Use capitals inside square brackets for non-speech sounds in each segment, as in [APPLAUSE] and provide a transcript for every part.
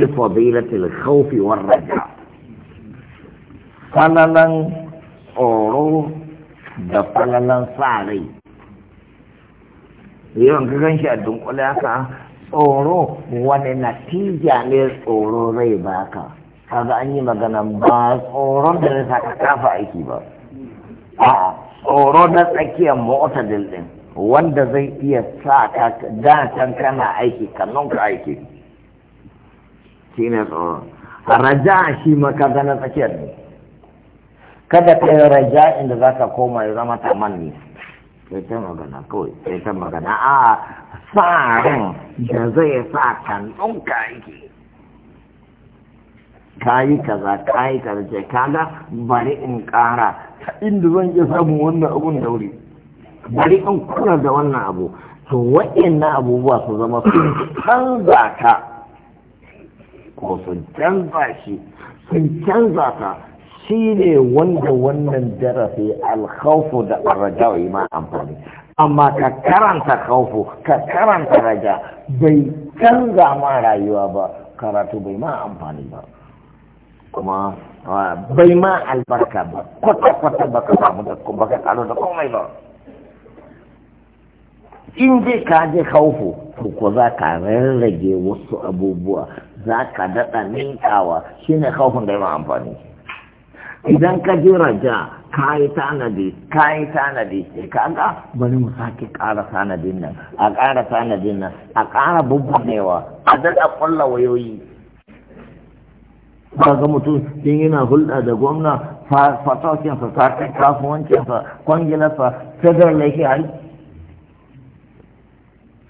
بفضيلة الخوف والرجاء فللا أورو da falalan sa rai yawan kagan a dunkule tsoro wani natija ne tsoro rai baka? ka an yi magana ba tsoron da zai ka kafa aiki ba a tsoro na tsakiyar mota din wanda zai iya sa ka da can kana aiki kannon ka aiki shi ne tsoron raja shi makaza na tsakiyar ne kada ka yi raja inda za ka koma ya zama ne sai ta magana kawai sai ta magana a sa ran da zai sa kan ka yake ka yi kaza ka yi kaza ce kaga bari in ƙara inda zan iya samun wannan abun da wuri bari in kula da wannan abu to na abubuwa su zama sun canza ka ko sun canza shi sun canza ta shi ne wanda wannan darasi alkhawfu da arrajawa wa ma amfani amma ka karanta khawfu ka karanta raja bai canza ma rayuwa ba karatu bai ma amfani ba kuma bai ma albarka ba kwata-kwata ba ka samu da ba ka karo da komai ba in dai ka je khawfu ko za ka rarrage wasu abubuwa za ka daɗa ninkawa shi ne kawfin da yawan amfani idan ka ji raja ka yi tanadi ka yi tanadi ka ga bari mu sake ƙara tanadin nan a kara tanadin nan a kara bubbunewa a daɗa ƙulla wayoyi ba ga mutum sun yana hulɗa da gwamna fatakinsa sakin kasuwancinsa kwangilarsa federal lake hari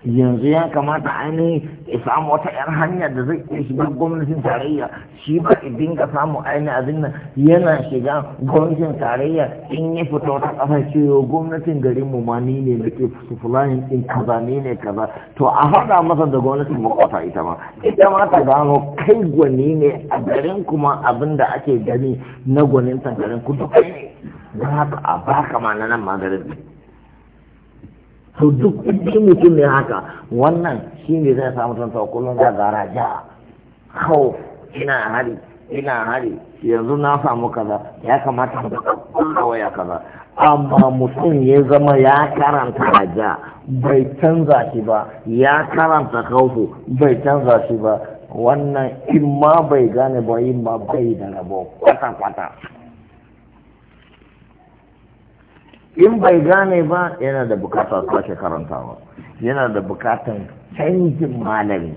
yanzu ya kamata ainihin ya samu wata 'yar hanya da zai iya shiga gwamnatin tarayya shi ba ya dinga samu ainihin abin nan yana shiga gwamnatin tarayya in ya fita wata ƙasa ce gwamnatin garin mu ma ni ne da ke fulani in kaza ni ne kaza to a haɗa masa da gwamnatin makwata ita ma ita ma ta gano kai gwani ne a garin kuma abin da ake gani na gwanin garin ku duk ne za ka a baka ma na nan ma garin to duk ɗin mutum ne haka wannan shi ne zai samu tanta kullum ga gara ja hau ina hari ina hari yanzu na samu kaza ya kamata mu kulla waya kaza amma mutum ya zama ya karanta a ja, bai canza shi ba ya karanta kawo bai canza shi ba wannan in ma bai gane ba in ma bai da rabo kwata-kwata in bai gane ba yana da bukatar sake karantawa yana da bukatar canjin malami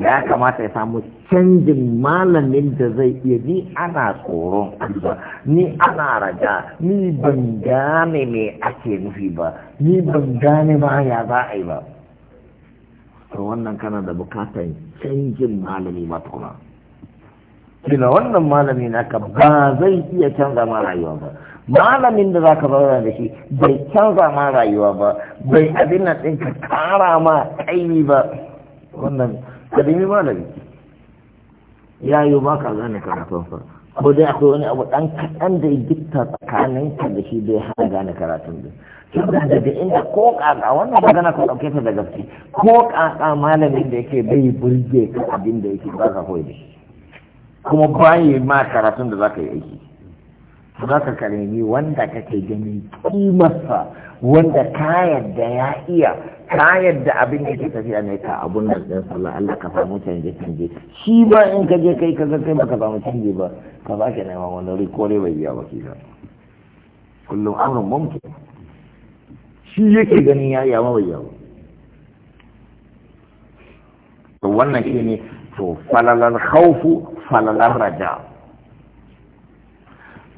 ya kamata ya samu canjin malamin da zai iya ni ana tsoron Allah ni ana raja ni ban gane me ake nufi ba ni ban gane ba ya za a yi ba to wannan kana da bukatar canjin malami matukuna gina wannan malami naka ba zai iya canza ma rayuwa ba malamin da zaka zauna da shi bai canza ma rayuwa ba bai abin nan ɗin ka kara ma kaimi ba wannan kadimi malami ya yi ba ka gane karatun ba ko dai akwai wani abu ɗan kaɗan da ya gitta tsakanin ka da shi bai ya hana gane karatun ba saboda daga inda ko ƙaƙa wannan magana ka ɗauke ta da gaske ko ƙaƙa malamin da yake bai burge ka abin da yake ba ka koyi da shi kuma bayi ma karatun da za ka yi aiki za ka karemi wanda kake ganin kimarsa wanda ka yadda ya iya ka yadda abin da ke tafiya ne ka abun da ɗan sallah Allah ka samu canje canje shi ba in ka je kai ka kai baka samu canje ba ka ba ki neman wani wuri kore bai biya ba kila kullum amurin mumkin shi yake ganin ya iya ma bai to wannan shi ne to falalar haufu, falalar raja'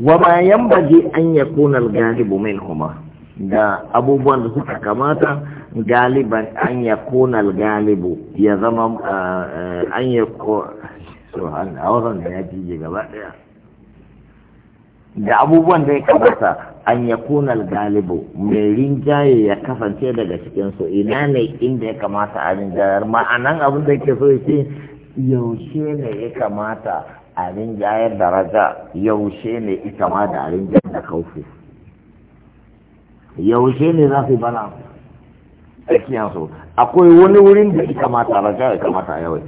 wa ma yambaji an yakuna al-ghalibu minhuma da abubuwan da suka kamata galiban an yakuna al-ghalibu ya zama ah, ah, an so an auren da ya gaba daya da abubuwan da ya kamata an yakuna al-ghalibu mai rinjaye ya kasance daga cikin su ina ne inda ya kamata a rinjayar ma'anan abin da yake so ya ce yaushe ne ya kamata Abin jayar da raja yaushe ne ita ma da abin jayar da kaufu yaushe ne za su bana su akwai wani wurin da ita ta raja ya kamata yawai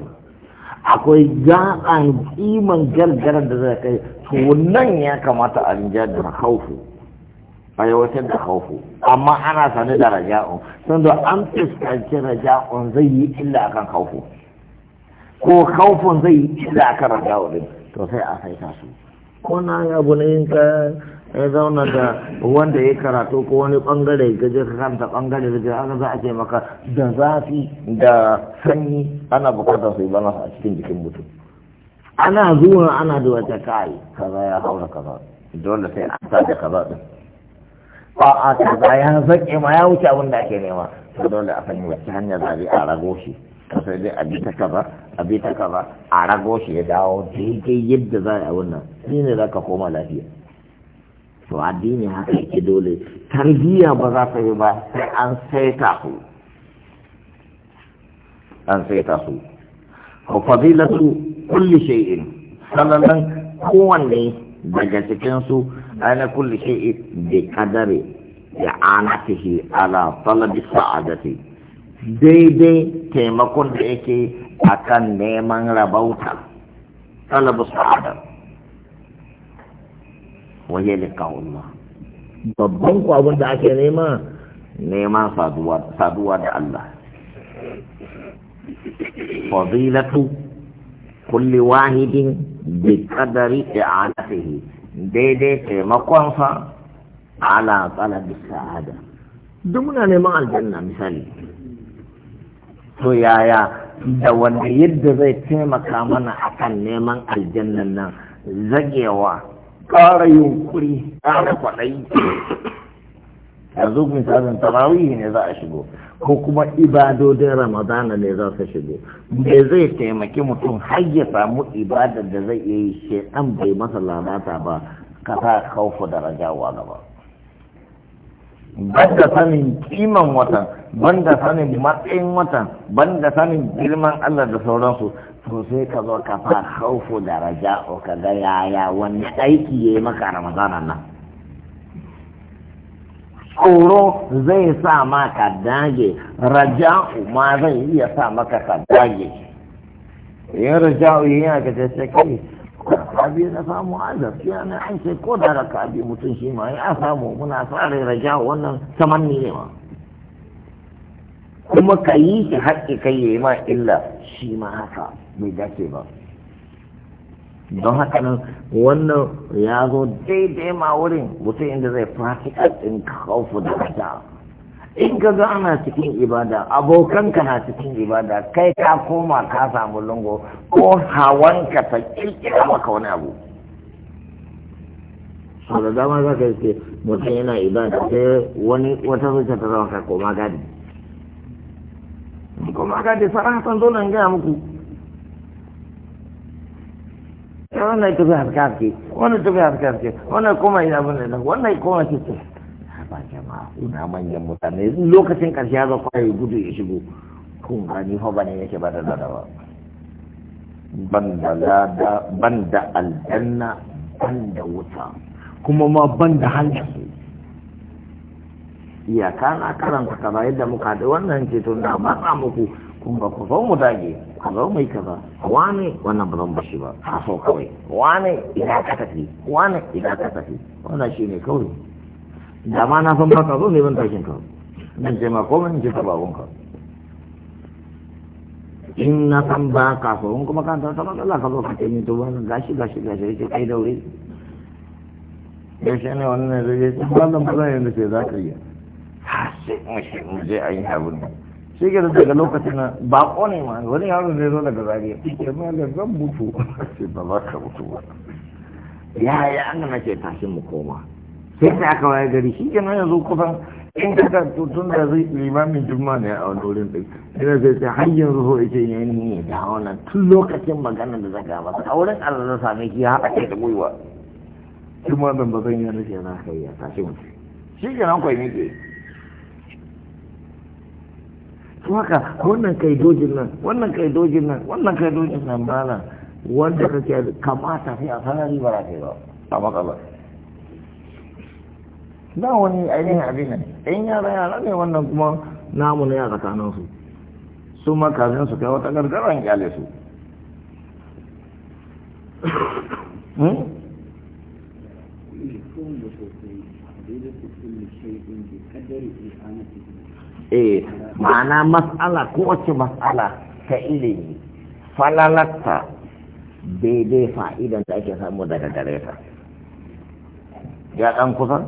akwai gaɓan kiman gargara da zai kai to nan ya kamata a rinja da kaufu a yawancin da kaufu amma ana sani da raja'un sanda an fuskanci raja'un zai yi illa akan kaufu ko kaufin zai yi da aka raga wurin to sai a saita su ko na ya abu ne ka ya zauna da wanda ya karatu ko wani bangare ga kanta bangare da aka za a ce maka da zafi da sanyi ana bukatar su yi bana a cikin jikin mutum ana zuwa ana da wata kai kaza ya haura kaza dole sai an sa da kaza din ba a kaza ya zaƙe ma ya wuce abin da ake nema dole a sanya wacce hanyar zabi a rago shi ta sai dai abi ta kaza abi ta kaza a rago shi ya dawo daidai yadda za a wannan shi ne za ka koma lafiya to addini haka yake dole tarbiyya ba za ta yi ba sai an saita su an saita su fa fadilatu kulli shay'in sanannan kowanne daga cikin su ana kulli shay'in bi qadari ya anatihi ala talabi sa'adati daidai taimakon da yake a kan neman rabauta talabu sa'ada waje likawunma babban kwabin da ake nema neman saduwa da Allah fadilatu kulli wahidin bi kadari i'anatihi daidai taimakonsa ala talabi sa'ada duk muna neman aljanna misali to yaya da wanda yadda zai taimaka mana a kan neman aljannan nan zagewa ƙara yunkuri ƙara kwaɗayi yanzu misalin tarawihi ne za a shigo ko kuma ibadodin ramadana ne za su shigo Me zai taimaki mutum har ya samu ibadar da zai iya yi shedan bai masa lalata ba ka sa kaufu da ragawa gaba banda sanin kiman watan banda sanin matsayin watan banda sanin girman Allah da sauransu to sai ka zo ka fa khaufu da raja'u ka ga yaya wani aiki yayi maka ramadanan nan tsoro zai sa maka dage raja'u ma zai iya sa maka ka dage yin raja'u yana ka ce kai raka biyu na samu a gaskiya na an ko da raka biyu mutum shi ma ya samu muna tsare raja wannan samanni ne kuma ka yi shi haƙƙi kai ya yi ma illa shi ma haka bai dace ba don haka nan wannan ya zo daidai ma wurin mutum inda zai fasikar ɗin kawo da raja in ka zo ana cikin ibada abokanka na cikin ibada kai ka koma ka samu lungo ko hawanka ta kirkira maka wani abu sau da dama za ka ce mutum yana ibada sai wani wata zuciya ta zama ka koma gadi koma gadi hasan zo nan gaya muku wannan tafi haska haske wannan tafi haska haske wannan koma ina abin da wannan koma cikin jama'a ina manyan mutane lokacin ƙarshe ya zo kwaye gudu ya shigo kun gani fa bane yake ba da ladawa ban da aljanna ban da wuta kuma ma ban da hankali iyaka na karanta kaza yadda muka da wannan ceto na matsa muku kun ba ku zo mu dage ku zo mai kaza wane wannan ba zan ba shi ba a so kawai wane idan ka tafi wane idan ka tafi wannan ne kawai da ma na san baka zo ne ban ka nan ce ma komai in ce ta babun ka in na san ba ka so in kuma kan ta Allah ka zo ka ce ni to shi, gashi gashi gashi yake kai daure yaushe ne wannan zai yi wannan fulani yanzu ce za ka yi ha sai shi mu je ayi yi abin nan shi ke daga lokacin na bako ne ma wani yaro zai zo daga zariya ke ma da zan mutu sai [LAUGHS] ba ka mutu ba ya ya an na ce tashin mu koma sai ta aka waye gari shi kenan yanzu kusan in ta tun da zai limamin juma ne a wani wurin ɗin ina zai ce har yanzu so yake yin ne da wannan tun lokacin maganar da zaka masa a wurin Allah na same ki ya haɗa kai da gwiwa juma da ba zan yi shi na kai ya tashi mu shi kenan kwai ke su haka wannan kai dojin nan wannan kai dojin nan wannan kai dojin nan na wanda kake kamata sai a sanari ba za ta yi ba a matsalar ba wani ainihin abin ne in yara yara ne wannan kuma namu ne a tsakaninsu su makazin su kai wata gargaran kyale su hmm? eh ma'ana mas'ala ko wace mas'ala ta ilimi falalatta daidai fa'idan da ake samu daga gare ta ya ɗan kusan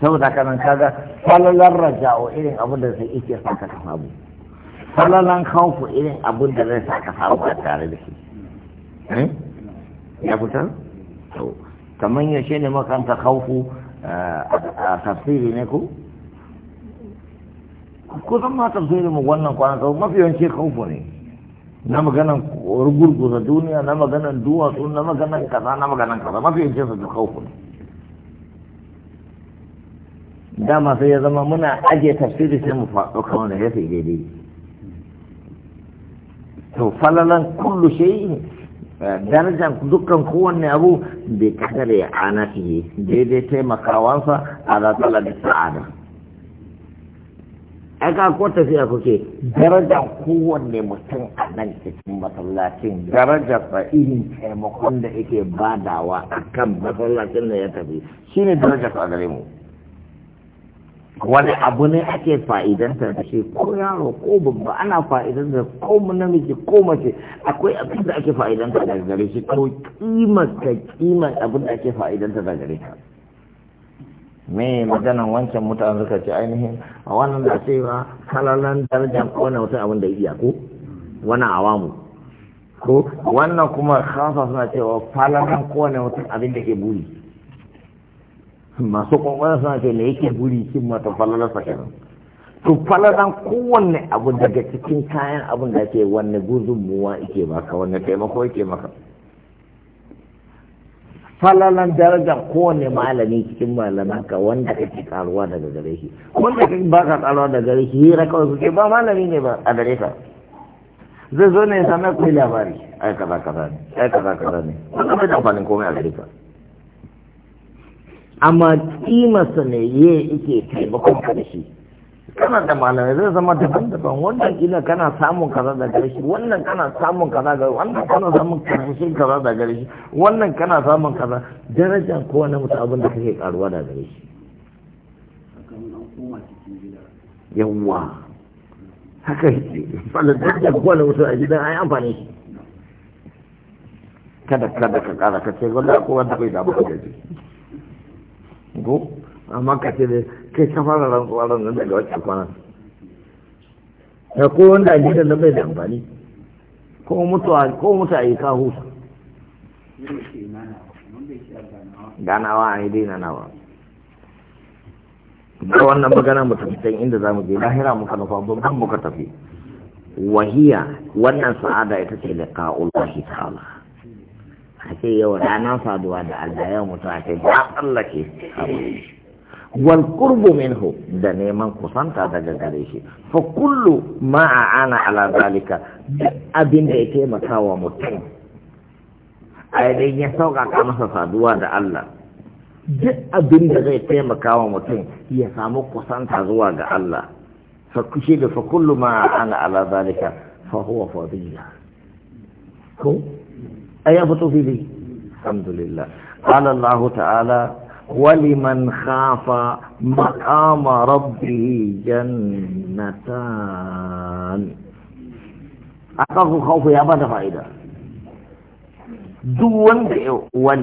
saboda nan kaga falalan raja'u irin abin da zai ike sa ka samu falalan khawfu irin abin da zai sa ka samu a tare da shi eh? ya fitar to kamar shi ne makanta khawfu eh, a tafsiri ne ku? ko zan ma tafsiri mu wannan kwanan kawo mafi yawanci khawfu ne na maganan rugurguza duniya na maganan duwatsu na maganan kaza na maganan kaza mafi yawanci su khawfu ne dama sai ya zama muna ajiye tafsiri sai mu faɗo kan wanda ya fi daidai to falalan kullu shay'in eh, darajan dukkan kowanne abu bai kadare ana daidai taimakawansa a zatsala da sa'ada aka ko tafiya kuke kowanne mutum a nan cikin masallacin darajar da irin taimakon da yake badawa akan masallacin da ya tafi shine daraja a gare mu wani abu ne ake fa'idanta da shi ko yaro ko babba ana fa'idanta ko namiji ko mace akwai abin da ake fa'idanta daga gare shi ko kimar ka kimar abin da ake fa'idanta daga gare shi me maganan wancan mutane suka ce ainihin a wannan da ba kalalan darajar ko wata abin da iya ko wani awamu ko wannan kuma khafa suna cewa falalan ko wata abin da ke buri masu kwakwara suna ce me yake buri cin mata falala kenan to falalan kowanne abu daga cikin kayan abin da ke wanne gudunmuwa ike maka wanne taimako ike maka falalan darajar kowane malami cikin malaman ka wanda ke karuwa daga gare shi wanda ka ba ka karuwa daga gare shi hira kawai suke ba malami ne ba a gare ka zai zo ne ya same ku labari ai kaza kaza ne ai kaza kaza ne wanda bai da amfanin komai a gare ka amma kimarsa ne ye ike taimakon ka da shi kana da malamai zai zama daban-daban wannan kila kana samun kaza da karshe shi wannan kana samun kaza da wannan kana samun karshe kaza da karshe shi wannan kana samun kaza darajar ko wani mutu abin da kake karuwa da gare shi yawwa haka yake faladar da kowane mutu a gidan ai amfani shi kada kada ka kara ka ce wanda ko wanda bai damu da gaji ko amma ka ce dai kai ka fara rantsuwa nan daga wacce kwana da ko wanda ji da bai da amfani ko mutuwa ko mutuwa yi ka huta ganawa a yi na nawa ko wannan magana mu tafi can inda zamu je lahira muka nufa babban muka tafi wahiya wannan sa'ada ita ce liqa'ul wahi ta'ala sai yau ranar saduwa da Allah ya mutu a ce ba tsallake wal qurbu minhu da neman kusanta daga gare shi fa kullu ma ana ala zalika abin da ya makawa mutum ai dai ya ka masa saduwa da Allah duk abin da zai taimaka wa mutum ya samu kusanta zuwa ga Allah fa kushi da fa kullu ma ana ala zalika fa huwa fadila ko ai abu to alhamdulillah qala allah ta'ala ولمن خاف مقام ربه جنتان أخاف خوف ya بدا فائدة duk wanda ya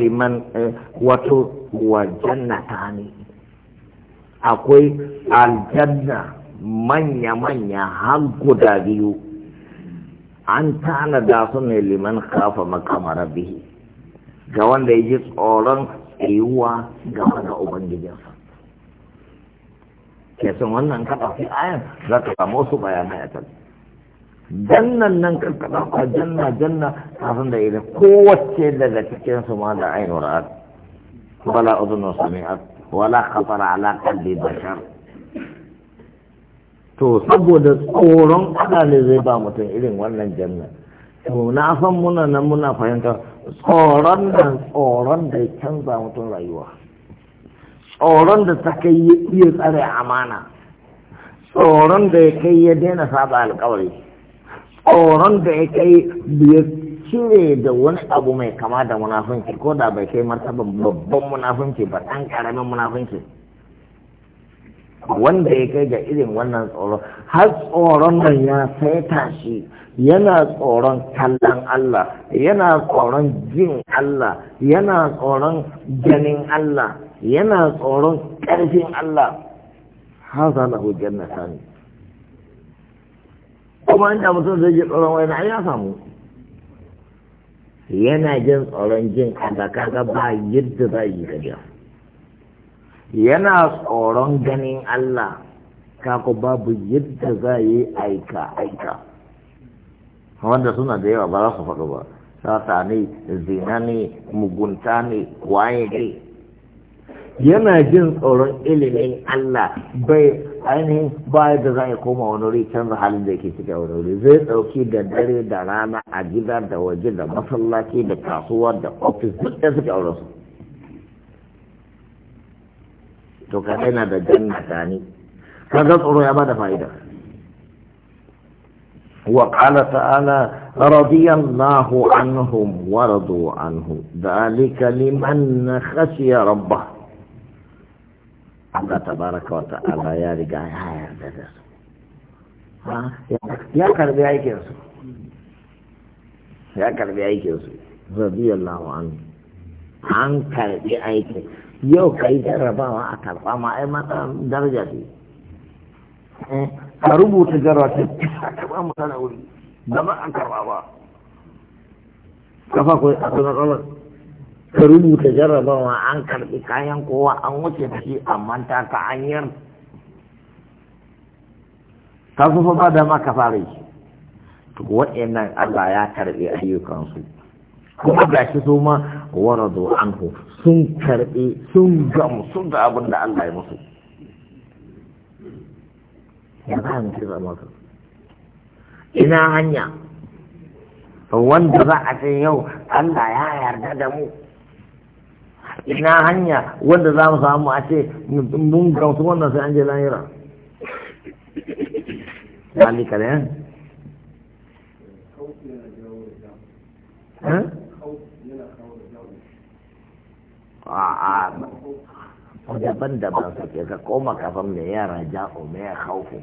man eh, wato wa jannata ne akwai aljanna manya-manya har guda biyu an tana da su ne liman kafa makama rabbihi ga wanda ya ji tsoron tsayuwa game da ubangijinsa ke sun wannan kaɗa fi ayan za ka samu su bayan hayatar jannan nan karkada ka janna janna kafin da ila kowace daga cikin su ma da ainihin ra'ad bala uzunin sami'ar wala khafara ala da bashar to saboda tsoron ne zai ba mutum irin wannan jannan to na san muna nan muna fahimta tsoron da tsoron da ya canza mutum rayuwa tsoron da ta kai iya tsare amana tsoron da ya kai ya daina saba alkawari tsoron da ya kai ya cire da wani abu mai kama da munafunci ko da bai kai martaba babban munafunci ba ɗan ƙaramin munafunci wanda ya kai ga irin wannan tsoron har tsoron nan ya saita shi yana tsoron kallon Allah yana tsoron jin Allah yana tsoron ganin Allah yana tsoron ƙarfin Allah haza hujjar na sami kuma inda mutum zai ji tsoron wani ya samu yana jin tsoron jin kada kaga ba yadda za yi gajiya yana tsoron ganin Allah kako babu yadda za yi aika aika wanda suna da yawa ba za su faɗo ba sata ne zina ne mugunta ne waye ne yana jin tsoron ilimin Allah bai ainihin baya da za a koma wani wuri canza halin da yake cika wani wuri zai ɗauki da dare da rana a gida da waje da masallaci da kasuwa da ofis duk da suke auransu to ka yana da jannata ne kaga tsoro ya bada fa'ida wa qala ta'ala radiyallahu anhum wa radu anhu dhalika liman khashiya rabbah Allah tabaraka wa ta'ala ya riga ya yarda da su ya karbi aikin su ya karbi aikin su radiyallahu anhu an karbi aikin yau ka yi jarrabawa a karɓa ma ai mata daraja ce eh, ka rubuta jarrata a karɓa mu sana wuri da an karɓa ba kafa ko a sanar kawai ka rubuta jarrabawa an karɓi kayan kowa an wuce da shi amma ta ka an yar ka fa ba da ma ka fara yi to waɗannan Allah ya karɓi ayyukansu kuma ga shi su ma waradu anhu sun karɓi sun gamsu da abin da Allah ya musu ya ba mu kira masu. ina hanya wanda za a ce yau Allah ya yarda da mu ina hanya wanda za mu samu a ce mun gamsu wannan sai an je lahira zalika ne eh? Eh? a daban daban suke ka koma kafan mai yara ja'o mai haufu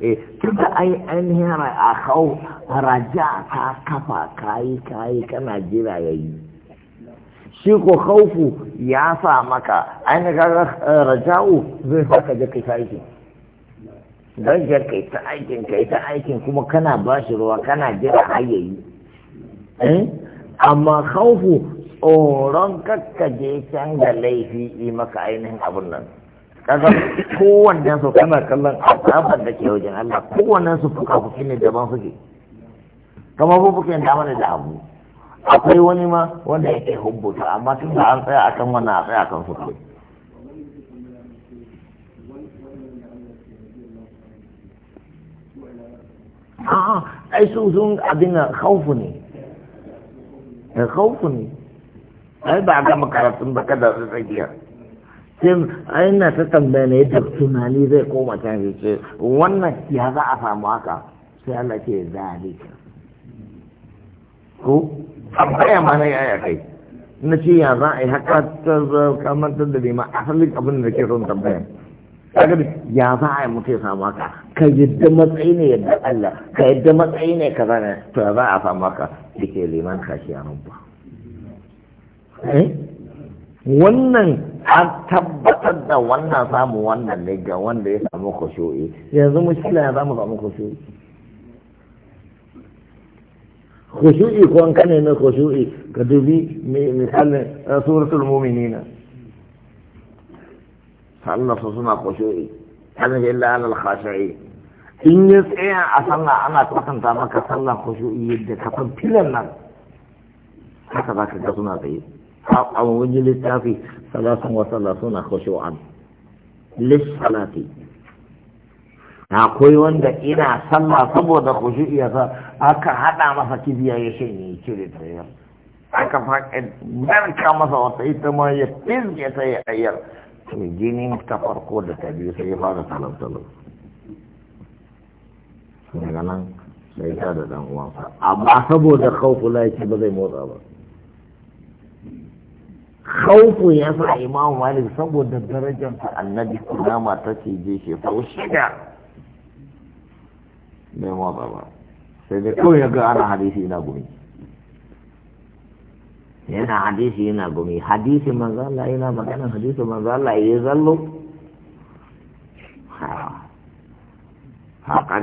eh tunda ai ainihin a hau raja ka kafa kayi kayi kana jira yayi shi ko haufu ya sa maka ainihin eh, raja'u zai saka jaka kai aiki don ka kai ta aikin kai ta aikin kuma kana ba shi ruwa kana jira hayayi eh? amma khawfu tsoron kakkaje can da laifi yi maka ainihin abun nan kaga kowannen su kana kallon azabar da ke wajen Allah kowannen su fuka-fuki ne daban suke kamar fufukin dama da abu akwai wani ma wanda yake hubbuta amma tun da an tsaya akan wannan a tsaya akan fufuki a'a ai su sun abin nan khaufu ne eh, khaufu ne ai ba ga makarantun ba kada su tsakiya sai ai na ta tambaya ne da tunani zai koma can shi ce wannan ya za a samu haka sai Allah ce zalika ko tambaya ma ya ya kai na ce ya za a yi haka ta kamar ta da ma asalin abin da ke son tambaya kaga ya za a yi mutu ya samu haka ka yadda matsayi ne yadda Allah ka yadda matsayi ne ka zane to ya za a samu haka dike liman kashi a rumfa eh? wannan an tabbatar da wannan samu wannan ne ga wanda ya samu kushoyi yanzu mushkila ya samu samu kushoyi kushoyi ko an kane na kushoyi ka dubi misalin eh, suratul mu'minina sallar su suna kushe hannun illa alal khashi'i in yi tsaya a sallah ana kwatanta maka sallah kushu'i yadda kafin filan nan haka za ka ga suna tsaye a wajen littafi salasun wa sallah suna kushu'an lissalati koyi wanda ina sallah saboda kushu'i ya sa aka hada masa kibiya ya shanye ya cire tsayar aka faɗi barka masa wata ita ma ya fizge ta a ayyar to jinin ta farko da ta biyu sai ya fara talau-talau daga nan sai ta da dan uwansa amma saboda khawfu la ba zai motsa ba khawfu ya sa imam malik saboda darajar ta annabi kunama ta ce je shi sau shida bai motsa ba sai da kawai ya ga ana hadisi na gumi yana hadisi yana gumi hadisi manzo Allah yana magana hadisi manzo Allah ya eh, zallo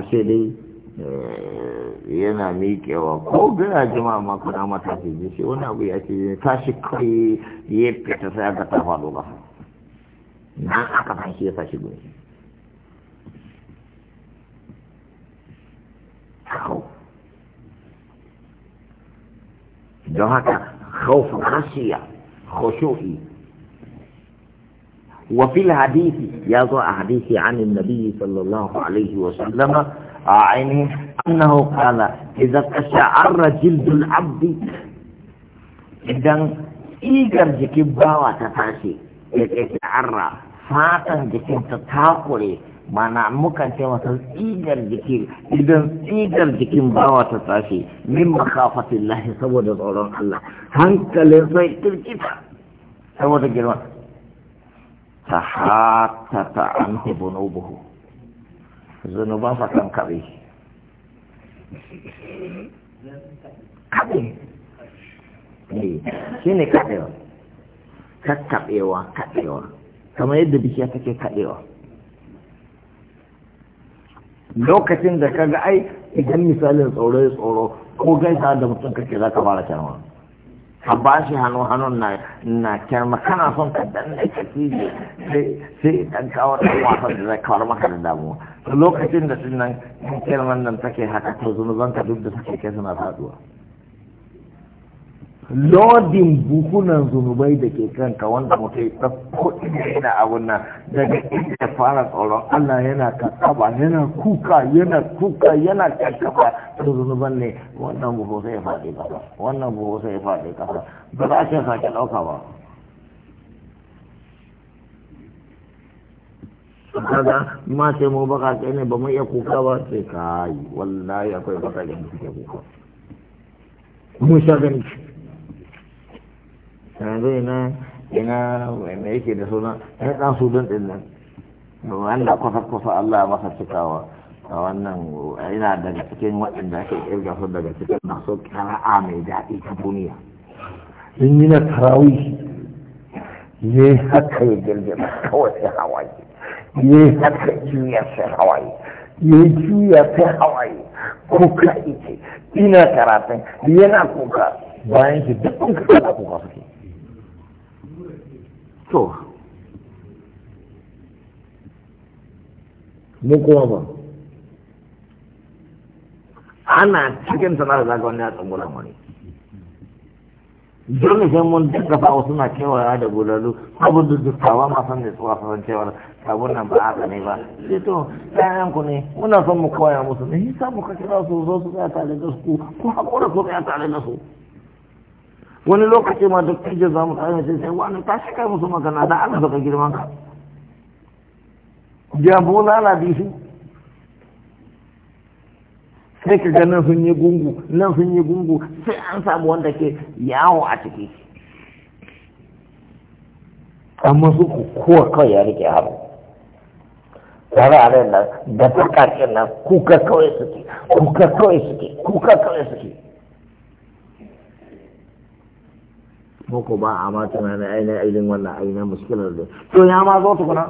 dai eh, yana miƙewa ko gina jima ma kuna mata ce shi wani abu ya ce tashi kai ya fita sai aka ta faɗo ba na aka shi ya tashi gumi don haka خوف خشية خشوعي وفي الحديث يضع حديث عن النبي صلى الله عليه وسلم عينه أنه قال إذا تشعر جلد العبد إذا إيجر جكبا وتتاشي إذا تشعر فاتا جكبا تتاقلي mana mukan ce tsigar jikin, idan tsigar jikin bawa ta tashi min makafatin lahi saboda tsoron Allah hankalin sai kirkita saboda girma ta hatata an hibuno buhu zunuban sa kan kabe kabe eh, shi ne kaɗewa kakkaɓewa kaɗewa kamar yadda bishiya take kaɗewa lokacin da ka kaga ai idan misalin tsoro ya tsoro ko gaisa da mutum kake za ka fara kyanwa a bashi shi hannu hannun na na kyanwa kana son ka danna ka cije sai sai dan kawo dan wasan da zai kawar maka da damuwa lokacin da din nan nan take haka to zunuban ka duk da take kai suna faduwa lodin buhunan zunubai da ke kanka wanda mutum ta kuɗi da yana abun nan daga inda fara tsoron Allah yana kakaba yana kuka yana kuka yana kakaba da zunuban ne wannan buhu sai faɗi kasa wannan buhu sai faɗi kasa ba za a ce sake ɗauka ba kaga ma sai mu baka kai ne ba mu iya kuka ba sai kai wallahi akwai baka da kuke kuka mu sha gani yanzu ina ina da suna ya dan Allah ya masa cikawa a wannan ina daga cikin waɗanda ake kirga su daga cikin masu kara'a mai daɗi ta duniya in yi na haka ya kawai sai hawaye ne haka juya sai hawaii. ne juya sai hawaii. kuka ike ina karatun yana kuka bayan shi duk kuka suke to mu kuma ba ana cikin sanar da wani ya tsangulan wani dole sai mun daga wasu na kewaya da gudalu abin da dukawa ma san da tsuwa san cewar sabon nan ba aka ne ba sai to ɗayan ku ne muna son mu koya musu ne yasa muka kira su zo su tsaya tare da su ko haƙura su tsaya tare da su wani lokaci ma duk tijin za mu tsaye sai sai wani ta shi kai musu magana da Allah baka girman ka jabo lala bishi sai ka ga nan sun yi gungu nan sun yi gungu sai an samu wanda ke yawo a ciki amma su kowa kawai ya rike haru tare a nan da ta nan kuka kawai suke kuka kawai suke kuka kawai suke muku ko ba a ma tunanin ainihin ainihin wannan ainihin muskilar da to ya ma zo tukuna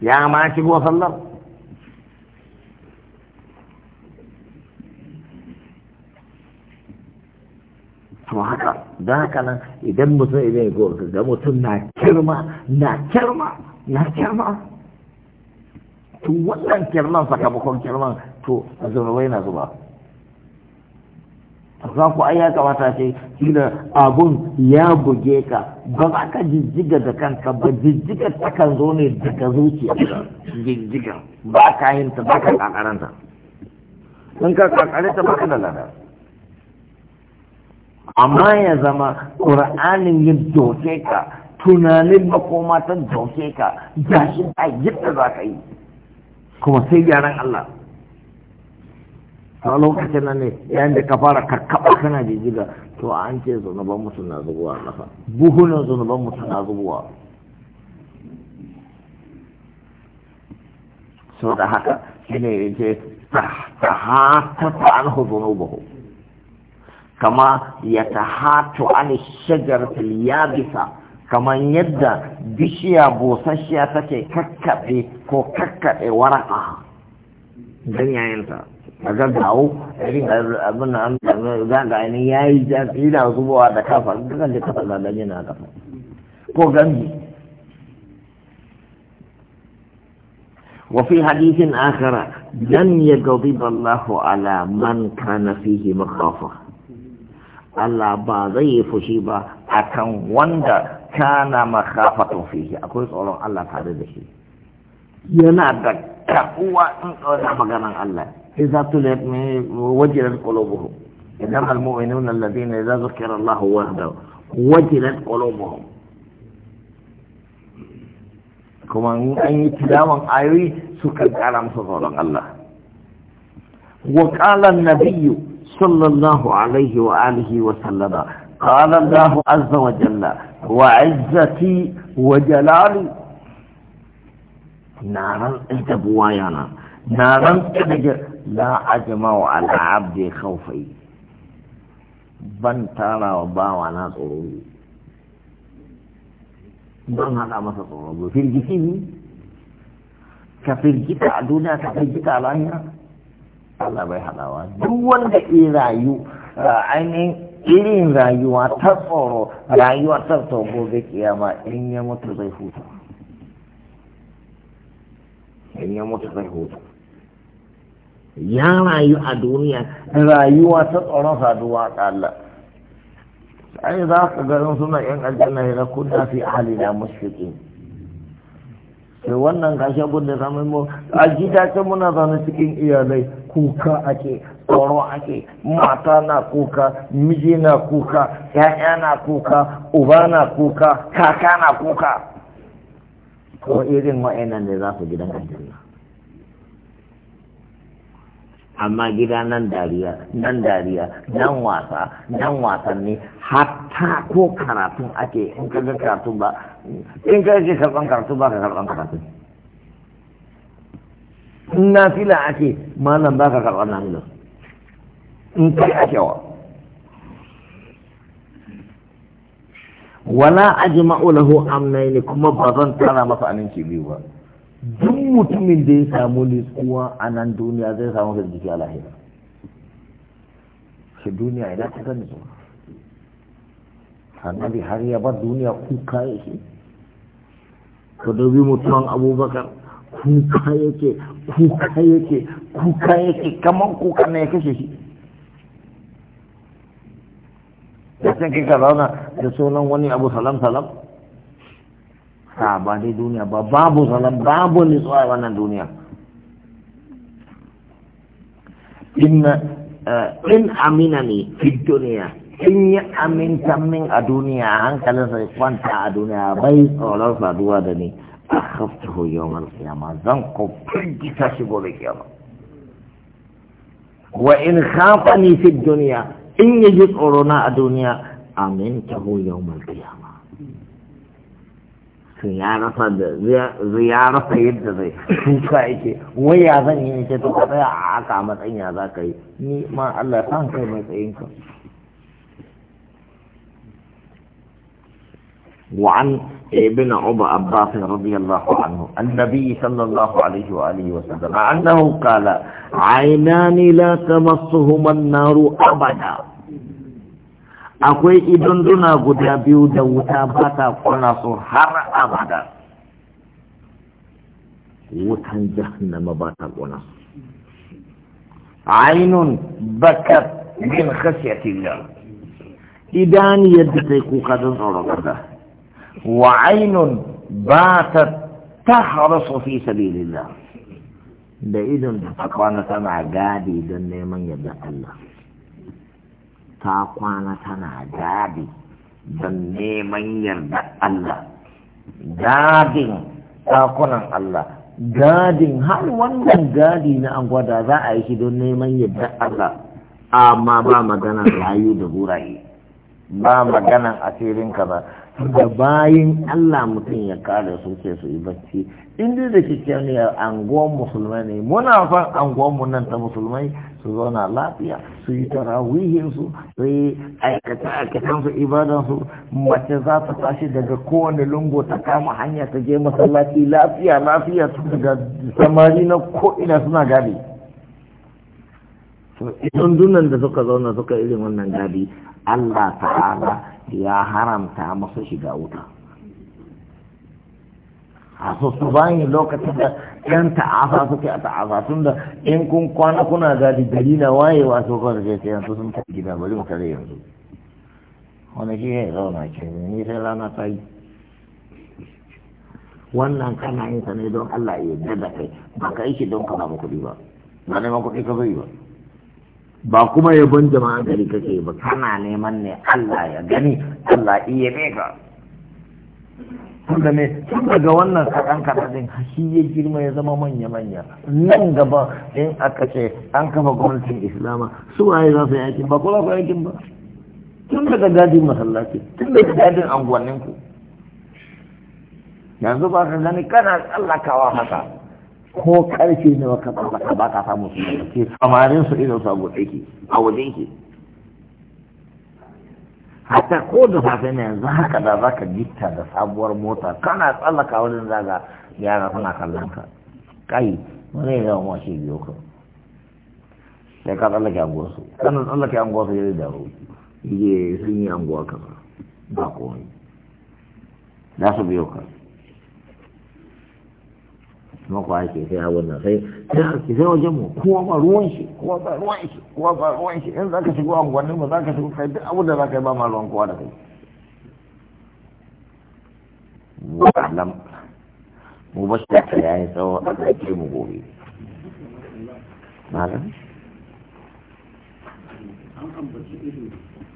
ya ma shigo sallar to haka da haka nan idan mutum idan ya gowar ga mutum na kirma na kirma na kirma to wannan kirman sakamakon kirman to a na zuba za ku ai ya kamata ce shine abun ya buge ka ba za ka jijjiga da kanka ba jijjiga ta kan zo ne daga zuciya jijjiga ba ka yin ta ba ka kakaranta in ka kakare ta ba ka lalata amma ya zama ƙura'anin yin doke ka tunanin makoma ta doke ka gashi a yadda za ka yi kuma sai gyaran Allah a lokacin nan ne yayin da ka fara kakkaɓa kana jijiga to an ce zunuban mutum na zubuwa ƙasa buhunan zunuban mutum na zubuwa sau da haka shi ne ya ce ta ta an zunubahu kama ya ta hatu an ya bisa kamar yadda bishiya busasshiya take kakkaɓe ko kakkaɓe waraka ta. a gaggawo irin abin nan zaga ne ya yi da zubowa da kafa dukkan da kafa zaga yana kafa ko gambi وفي حديث آخر لن يغضب الله على من كان فيه مخافة Allah ba zai yi fushi ba akan wanda kana makafatun fihi akwai tsoron Allah tare da shi yana da kakuwa in tsoron maganan Allah إذا طلب وجلت قلوبهم إنما المؤمنون الذين إذا ذكر الله وحده وجلت قلوبهم كما أن يتلاوى آيوي سكا على سطولا الله وقال النبي صلى الله عليه وآله وسلم قال الله عز وجل وعزتي وجلالي نارا انت بوايانا نارا انت la ajma'u ala abdi khawfai ban tara wa bawa na tsoro ban hada masa tsoro ba firgici ne ka firgita a duniya Allah bai hadawa duk wanda ya rayu ainihin irin rayuwa ta tsoro rayuwa ta tsoro gobe kiyama in ya mutu zai huta in ya mutu zai huta ya rayu a duniya rayuwa ta tsoron saduwa ga Allah ai za ka garin suna yan aljanna ya kunna fi ahlina mushfiqin sai wannan kashe abun da zamu mu a ce muna zaune cikin iyalai kuka ake tsoro ake mata na kuka miji na kuka ya'ya na kuka uba na kuka kaka na kuka ko irin wa'annan ne za su gidan aljanna amma gida nan dariya nan dariya nan wasa nan wasanni hatta ko karatun ake in ka ga karatu ba in ka ji karban karatu ba ka karban karatu in na fila ake malam ba ka karban na fila in kai ake wa wala ajma'u lahu amnaini kuma ba zan tara masa aminci biyu ba duk mutumin da ya samu nutsuwa a nan duniya zai samu firgici a lahira shi duniya ina ta gani zuwa annabi har ya bar duniya kuka yake ka dubi mutumin abubakar kuka yake kuka yake kuka yake kamar kuka na ya kashe shi da can kika zauna da sunan wani abu salam salam a ba dai duniya ba babu zanen babu nutsuwa a wannan duniya eh, in amina ne fi duniya in yi aminta min a duniya a hankalinsa ya kwanta a duniya bai tsoron saduwa da ni a haftahu yawon kiyama zan ko firgita shi gobe kiyama wa in khafa ni fi duniya in yi tsoro na a duniya amintahu yawon kiyama زيارة زيارة سيد زي ويا ذي إن شئت كذا عقامت إني هذا ما الله سان وعن ابن عبا عباس رضي الله عنه النبي صلى الله عليه وآله وسلم أنه قال عينان لا تمسهما النار أبدا akwai idunduna guda biyu da wuta ba ta kona su har abada wutan jahannama ba ta kona su ainun bakat min khasyatillah idan yadda sai kuka don tsoron Allah wa ainun batat tahrasu fi sabilillah da idon da ta kwana tana gadi don neman yadda Allah ta kwana tana gadi don neman yarda Allah gadin ɗakunan Allah gadin har wannan gadi na an gwada za a yi shi don neman yarda Allah amma ba magana rayu da buraye ba magana asirin ka ba da bayan Allah mutum ya kare su ce su yi bacci in dai da kike ne anguwan musulmai ne muna fan anguwan mu nan ta musulmai su zauna lafiya su yi tarawihinsu su yi aikata-aikatansu ibadansu mace za ta tashi daga kowane lungo ta kama hanya ta je masallaci lafiya lafiya su daga samari na ko'ina suna gadi dundunan da suka zauna suka irin wannan gadi allah ta'ala ya haramta masu shiga wuta a su bayan lokacin da yan ta'afa suke a ta'afa tun da in kun kwana kuna gadi gari na wayewa so kawai da sai yanzu sun tafi gida bari mu kare yanzu wani shi ya zauna ke ni sai rana ta yi wannan kana yin sa ne don Allah ya yarda da kai ba ka yi shi don kana ba kuɗi ba ba neman kuɗi ka zai ba ba kuma ya ban jama'a gari kake ba kana neman ne Allah ya gani Allah iya ne ka tunda ne tun daga wannan kaɗan kaɗan shi ya girma ya zama manya-manya nan gaba in aka ce an kafa gwamnatin islama su waye za su yi aikin ba ko za ku aikin ba tun daga gadin masallaci tun daga gadin anguwannin ku yanzu ba ka gani kana tsallakawa haka ko karfe ne ka tsallaka ba ka samu su ne samarin su idan su abu ɗaki a wajen ke hatta ko da safe ne yanzu haka da za ka gitta da sabuwar mota kana tsallaka wajen zaga yara suna kallon ka kai wani ya zama shi biyu ka sai ka tsallake anguwarsu kana tsallake anguwarsu ya yi da yi sun yi anguwa kaza ba komai za su biyu ka mako ake sai abun nan sai sai sai wajen mu kowa ba ruwan shi kowa ba ruwan shi kowa ba ruwan shi in zaka shigo angwannin mu zaka shigo kai duk abin da zaka yi ba ma ruwan kowa da kai wa'alam mu ba shi ta yayi tsawo a ɗauke mu gobe malam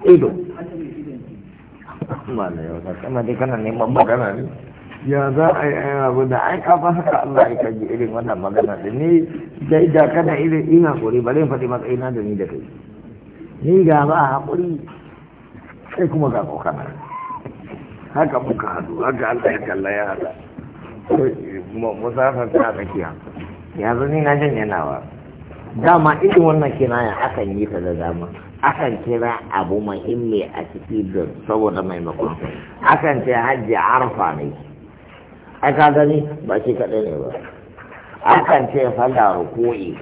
ido malam yau kama dai kana neman magana ne ya za a yi abu da ai ka ba haka Allah ya kaji irin wannan magana da ni da da kana irin ina kuri bare in faɗi na da ni da kai ni ga ba hakuri sai kuma ga kokana haka muka hadu haka Allah ya kalla ya hada musafar ta tsakiya yanzu ni na yana wa dama irin wannan kinaya akan yi ta da dama akan kira abu muhimmi a ciki da saboda maimakon akan ce hajji arfa ne a ka gani ba shi kaɗai ne ba akan ce falla rukui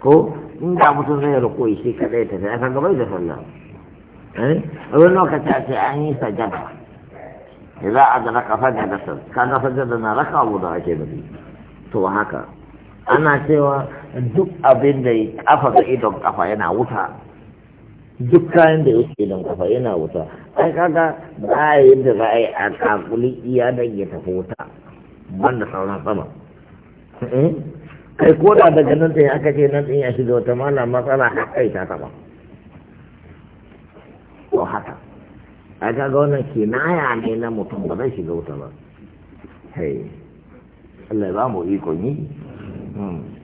ko inda mutum zai rukui shi kaɗai ta sai aka gabai da falla eh? a abin lokaci a ce an yi sajada idan a gana kafa da ka kaga sajada na raka abu da ake nufi to haka ana cewa duk abin da ya kafa ga idon kafa yana wuta duk kayan da yake don kafa yana wuta ai kaga ba a yadda za a yi a kakuli iya da ya tafi wuta banda sauran sama eh? kai koda daga nan ɗin aka ce nan ɗin ya shiga wata mana matsala a kai ta taɓa ko haka a kaga wannan kinaya ne na mutum ba zai shiga wuta ba hei Allah ya ba mu yi. ni hmm.